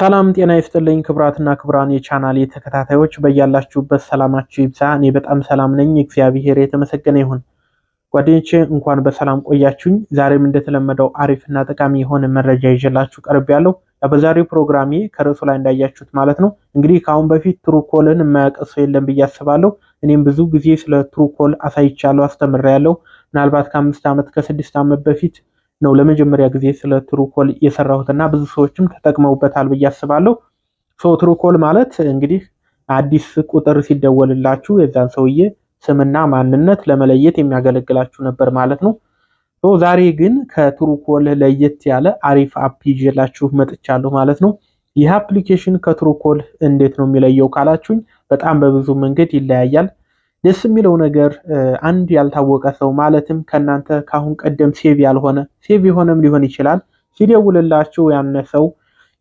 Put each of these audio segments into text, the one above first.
ሰላም ጤና ይስጥልኝ ክብራትና ክብራን የቻናል ተከታታዮች በያላችሁበት ሰላማችሁ ይብዛ። እኔ በጣም ሰላም ነኝ፣ እግዚአብሔር የተመሰገነ ይሁን። ጓደኞቼ እንኳን በሰላም ቆያችሁኝ። ዛሬም እንደተለመደው አሪፍና ጠቃሚ የሆነ መረጃ ይዤላችሁ ቀርብ ያለው በዛሬው ፕሮግራሜ ከርዕሱ ላይ እንዳያችሁት ማለት ነው እንግዲህ ከአሁን በፊት ትሩኮልን የማያውቅ ሰው የለም ብዬ አስባለሁ። እኔም ብዙ ጊዜ ስለ ትሩኮል አሳይቻለሁ፣ አስተምሬያለሁ። ምናልባት ከአምስት ዓመት ከስድስት ዓመት በፊት ነው ለመጀመሪያ ጊዜ ስለ ትሩኮል የሰራሁት እና ብዙ ሰዎችም ተጠቅመውበታል ብዬ አስባለሁ። ሶ ትሩኮል ማለት እንግዲህ አዲስ ቁጥር ሲደወልላችሁ የዛን ሰውዬ ስምና ማንነት ለመለየት የሚያገለግላችሁ ነበር ማለት ነው። ዛሬ ግን ከትሩኮል ለየት ያለ አሪፍ አፕ ይዤላችሁ መጥቻለሁ ማለት ነው። ይህ አፕሊኬሽን ከትሩኮል እንዴት ነው የሚለየው ካላችሁኝ፣ በጣም በብዙ መንገድ ይለያያል። ደስ የሚለው ነገር አንድ ያልታወቀ ሰው ማለትም ከእናንተ ከአሁን ቀደም ሴቭ ያልሆነ ሴቭ የሆነም ሊሆን ይችላል ሲደውልላችሁ ያነ ሰው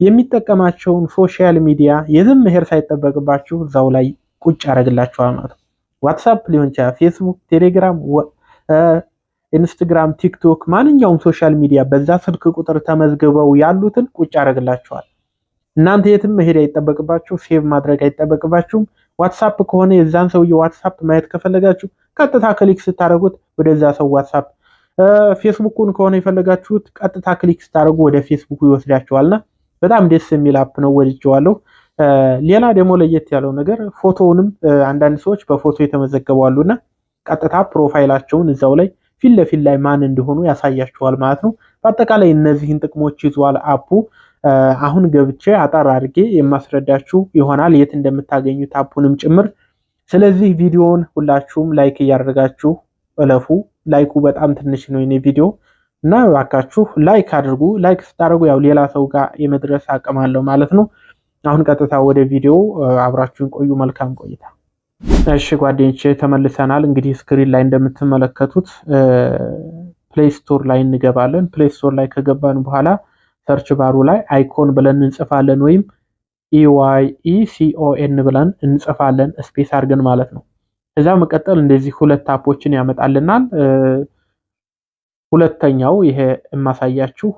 የሚጠቀማቸውን ሶሻል ሚዲያ የዝም መሄድ ሳይጠበቅባችሁ እዛው ላይ ቁጭ ያደርግላችኋል ማለት ነው። ዋትሳፕ ሊሆን ይችላል፣ ፌስቡክ፣ ቴሌግራም፣ ኢንስትግራም፣ ቲክቶክ ማንኛውም ሶሻል ሚዲያ በዛ ስልክ ቁጥር ተመዝግበው ያሉትን ቁጭ ያደርግላችኋል። እናንተ የትም መሄድ አይጠበቅባችሁ፣ ሴቭ ማድረግ አይጠበቅባችሁም። ዋትሳፕ ከሆነ የዛን ሰውዬ ዋትሳፕ ማየት ከፈለጋችሁ ቀጥታ ክሊክ ስታደርጉት ወደዛ ሰው ዋትሳፕ፣ ፌስቡኩን ከሆነ የፈለጋችሁት ቀጥታ ክሊክ ስታደርጉ ወደ ፌስቡኩ ይወስዳችኋልና በጣም ደስ የሚል አፕ ነው፣ ወድጄዋለሁ። ሌላ ደግሞ ለየት ያለው ነገር ፎቶውንም አንዳንድ ሰዎች በፎቶ የተመዘገቡ አሉና ቀጥታ ፕሮፋይላቸውን እዛው ላይ ፊት ለፊት ላይ ማን እንደሆኑ ያሳያችኋል ማለት ነው። በአጠቃላይ እነዚህን ጥቅሞች ይዟል አፑ። አሁን ገብቼ አጠር አድርጌ የማስረዳችሁ ይሆናል የት እንደምታገኙት አፑንም ጭምር። ስለዚህ ቪዲዮውን ሁላችሁም ላይክ እያደረጋችሁ እለፉ። ላይኩ በጣም ትንሽ ነው የኔ ቪዲዮ እና እባካችሁ ላይክ አድርጉ። ላይክ ስታደርጉ ያው ሌላ ሰው ጋር የመድረስ አቅም አለው ማለት ነው። አሁን ቀጥታ ወደ ቪዲዮ አብራችሁን ቆዩ። መልካም ቆይታ። እሺ ጓደኞቼ ተመልሰናል። እንግዲህ ስክሪን ላይ እንደምትመለከቱት ፕሌይ ስቶር ላይ እንገባለን። ፕሌይ ስቶር ላይ ከገባን በኋላ ሰርች ባሩ ላይ አይኮን ብለን እንጽፋለን ወይም ኢዋይኢሲኦኤን e e ብለን እንጽፋለን ስፔስ አድርገን ማለት ነው። ከዛ መቀጠል እንደዚህ ሁለት ታፖችን ያመጣልናል። ሁለተኛው ይሄ የማሳያችሁ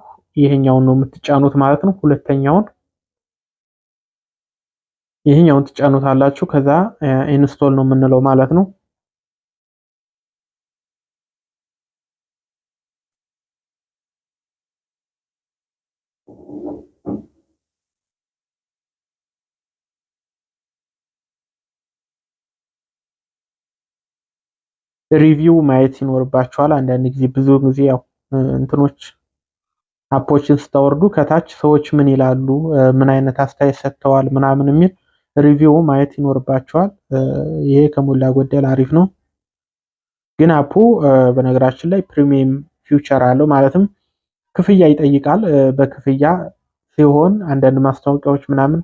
ይሄኛውን ነው የምትጫኑት ማለት ነው። ሁለተኛውን ይሄኛውን ትጫኑት አላችሁ። ከዛ ኢንስቶል ነው የምንለው ማለት ነው። ሪቪው ማየት ይኖርባችኋል። አንዳንድ ጊዜ ብዙ ጊዜ እንትኖች አፖችን ስታወርዱ ከታች ሰዎች ምን ይላሉ፣ ምን አይነት አስተያየት ሰጥተዋል ምናምን የሚል ሪቪው ማየት ይኖርባችኋል። ይሄ ከሞላ ጎደል አሪፍ ነው። ግን አፑ በነገራችን ላይ ፕሪሚየም ፊውቸር አለው ማለትም ክፍያ ይጠይቃል። በክፍያ ሲሆን አንዳንድ ማስታወቂያዎች ምናምን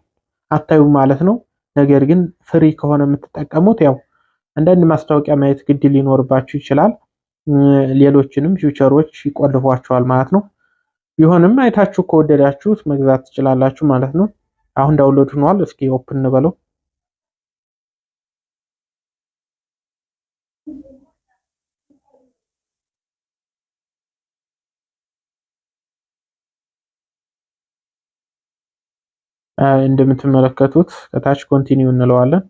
አታዩም ማለት ነው። ነገር ግን ፍሪ ከሆነ የምትጠቀሙት ያው አንዳንድ ማስታወቂያ ማየት ግድ ሊኖርባችሁ ይችላል። ሌሎችንም ፊውቸሮች ይቆልፏቸዋል ማለት ነው። ቢሆንም አይታችሁ ከወደዳችሁት መግዛት ትችላላችሁ ማለት ነው። አሁን ዳውንሎድ ሆኗል። እስኪ ኦፕን እንበለው። እንደምትመለከቱት ከታች ኮንቲኒው እንለዋለን።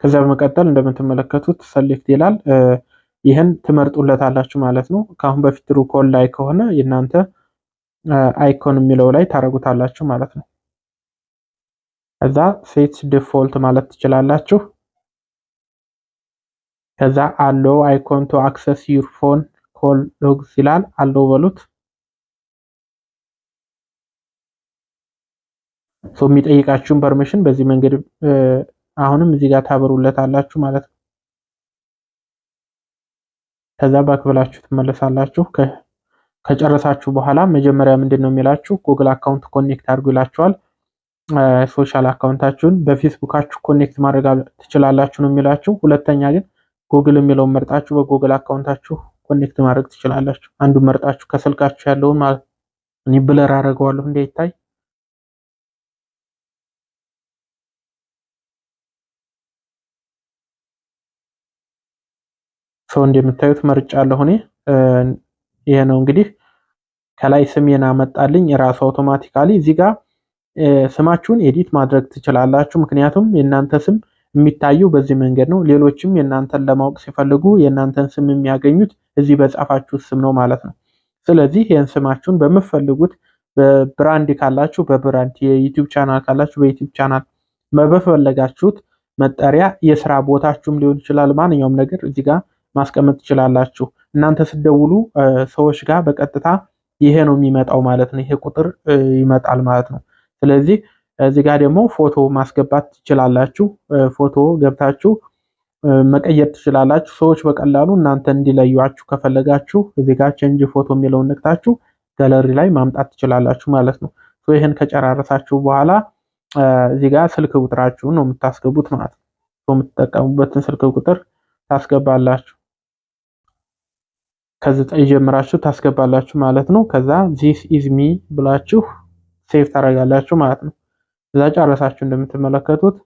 ከዚያ በመቀጠል እንደምትመለከቱት ሰሌክት ይላል። ይህን ትመርጡለታላችሁ ማለት ነው። ከአሁን በፊት ሩኮል ላይ ከሆነ የእናንተ አይኮን የሚለው ላይ ታደርጉታላችሁ ማለት ነው። ከዛ ሴት ዲፎልት ማለት ትችላላችሁ። ከዛ አሎ አይኮን ቱ አክሰስ ዩር ፎን ኮል ሎግስ ይላል። አሎ በሉት። ሰው የሚጠይቃችሁን ፐርሚሽን በዚህ መንገድ አሁንም እዚህ ጋር ታበሩለት አላችሁ ማለት ነው። ከዛ በክብላችሁ ትመለሳላችሁ። ከጨረሳችሁ በኋላ መጀመሪያ ምንድን ነው የሚላችሁ ጉግል አካውንት ኮኔክት አድርጉ ይላችኋል። ሶሻል አካውንታችሁን በፌስቡካችሁ ኮኔክት ማድረግ ትችላላችሁ ነው የሚላችሁ። ሁለተኛ ግን ጉግል የሚለውን መርጣችሁ በጉግል አካውንታችሁ ኮኔክት ማድረግ ትችላላችሁ። አንዱ መርጣችሁ ከስልካችሁ ያለውን ማለት እኔ ብለር አደርገዋለሁ እንዳይታይ ሰው እንደምታዩት መርጫለሁ እኔ ይሄ ነው እንግዲህ ከላይ ስሜን አመጣልኝ ራሱ አውቶማቲካሊ እዚህ ጋር ስማችሁን ኤዲት ማድረግ ትችላላችሁ። ምክንያቱም የእናንተ ስም የሚታየው በዚህ መንገድ ነው። ሌሎችም የእናንተን ለማወቅ ሲፈልጉ የእናንተን ስም የሚያገኙት እዚህ በጻፋችሁት ስም ነው ማለት ነው። ስለዚህ ይህን ስማችሁን በምትፈልጉት በብራንድ ካላችሁ በብራንድ የዩቲዩብ ቻናል ካላችሁ በዩቲዩብ ቻናል በፈለጋችሁት መጠሪያ የስራ ቦታችሁም ሊሆን ይችላል ማንኛውም ነገር እዚህ ጋር ማስቀመጥ ትችላላችሁ። እናንተ ስደውሉ ሰዎች ጋር በቀጥታ ይሄ ነው የሚመጣው ማለት ነው። ይሄ ቁጥር ይመጣል ማለት ነው። ስለዚህ እዚህ ጋር ደግሞ ፎቶ ማስገባት ትችላላችሁ። ፎቶ ገብታችሁ መቀየር ትችላላችሁ። ሰዎች በቀላሉ እናንተ እንዲለዩዋችሁ ከፈለጋችሁ እዚህ ጋር ቼንጅ ፎቶ የሚለውን ነክታችሁ ጋለሪ ላይ ማምጣት ትችላላችሁ ማለት ነው። ይህን ከጨራረሳችሁ በኋላ እዚህ ጋር ስልክ ቁጥራችሁን ነው የምታስገቡት ማለት ነው። የምትጠቀሙበትን ስልክ ቁጥር ታስገባላችሁ። ከዘጠኝ ጀምራችሁ ታስገባላችሁ ማለት ነው። ከዛ ዚስ ኢዝ ሚ ብላችሁ ሴቭ ታደርጋላችሁ ማለት ነው። ከዛ ጨረሳችሁ እንደምትመለከቱት።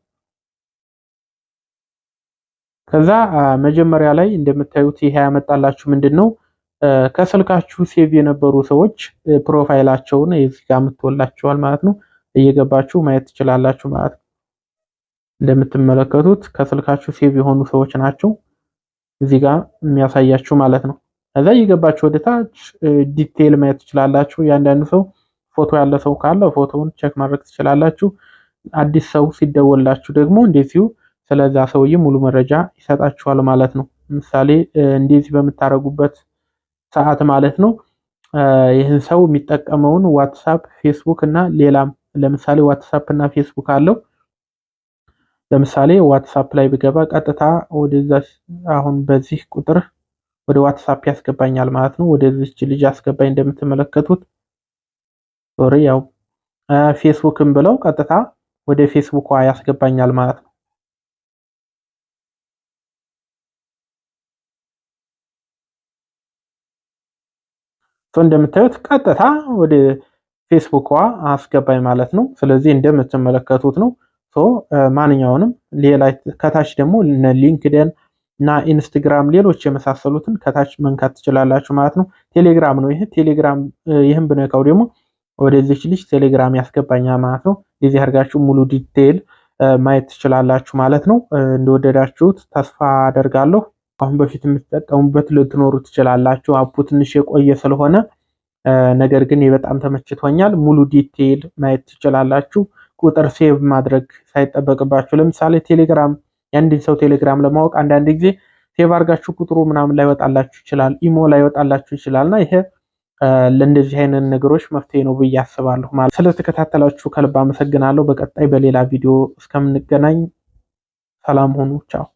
ከዛ መጀመሪያ ላይ እንደምታዩት ይሄ ያመጣላችሁ ምንድን ነው ከስልካችሁ ሴቭ የነበሩ ሰዎች ፕሮፋይላቸውን እዚህ ጋር ምትወላችኋል ማለት ነው። እየገባችሁ ማየት ትችላላችሁ ማለት ነው። እንደምትመለከቱት ከስልካችሁ ሴቭ የሆኑ ሰዎች ናቸው እዚህ ጋር የሚያሳያችሁ ማለት ነው። ከዛ እየገባችሁ ወደ ታች ዲቴይል ማየት ትችላላችሁ። እያንዳንዱ ሰው ፎቶ ያለ ሰው ካለ ፎቶውን ቼክ ማድረግ ትችላላችሁ። አዲስ ሰው ሲደወላችሁ ደግሞ እንደዚሁ ስለዛ ሰውዬ ሙሉ መረጃ ይሰጣችኋል ማለት ነው። ምሳሌ እንደዚህ በምታደርጉበት ሰዓት ማለት ነው ይህን ሰው የሚጠቀመውን ዋትሳፕ፣ ፌስቡክ እና ሌላም ለምሳሌ ዋትሳፕ እና ፌስቡክ አለው። ለምሳሌ ዋትሳፕ ላይ ብገባ ቀጥታ ወደዛ አሁን በዚህ ቁጥር ወደ ዋትሳፕ ያስገባኛል ማለት ነው። ዚች ልጅ አስገባኝ እንደምትመለከቱት ሶሪ፣ ያው ፌስቡክም ብለው ቀጥታ ወደ ፌስቡኳ ያስገባኛል ማለት ነው። እንደምታዩት ቀጥታ ወደ ፌስቡክዋ አስገባኝ ማለት ነው። ስለዚህ እንደምትመለከቱት ነው ማንኛውንም ሌላ ከታች ደግሞ ሊንክደን እና ኢንስትግራም ሌሎች የመሳሰሉትን ከታች መንካት ትችላላችሁ ማለት ነው። ቴሌግራም ነው ይሄ ቴሌግራም። ይህም ብነካው ደግሞ ወደዚች ልጅ ቴሌግራም ያስገባኛል ማለት ነው። እንደዚህ አድርጋችሁ ሙሉ ዲቴይል ማየት ትችላላችሁ ማለት ነው። እንደወደዳችሁት ተስፋ አደርጋለሁ። አሁን በፊት የምትጠቀሙበት ልትኖሩ ትችላላችሁ። አፑ ትንሽ የቆየ ስለሆነ ነገር ግን በጣም ተመችቶኛል። ሙሉ ዲቴይል ማየት ትችላላችሁ። ቁጥር ሴቭ ማድረግ ሳይጠበቅባችሁ ለምሳሌ ቴሌግራም የአንድን ሰው ቴሌግራም ለማወቅ አንዳንድ ጊዜ ሴቭ አድርጋችሁ ቁጥሩ ምናምን ላይወጣላችሁ ይችላል፣ ኢሞ ላይወጣላችሁ ይችላል እና ይሄ ለእንደዚህ አይነት ነገሮች መፍትሄ ነው ብዬ አስባለሁ። ማለት ስለተከታተላችሁ ከልብ አመሰግናለሁ። በቀጣይ በሌላ ቪዲዮ እስከምንገናኝ ሰላም ሁኑ። ቻው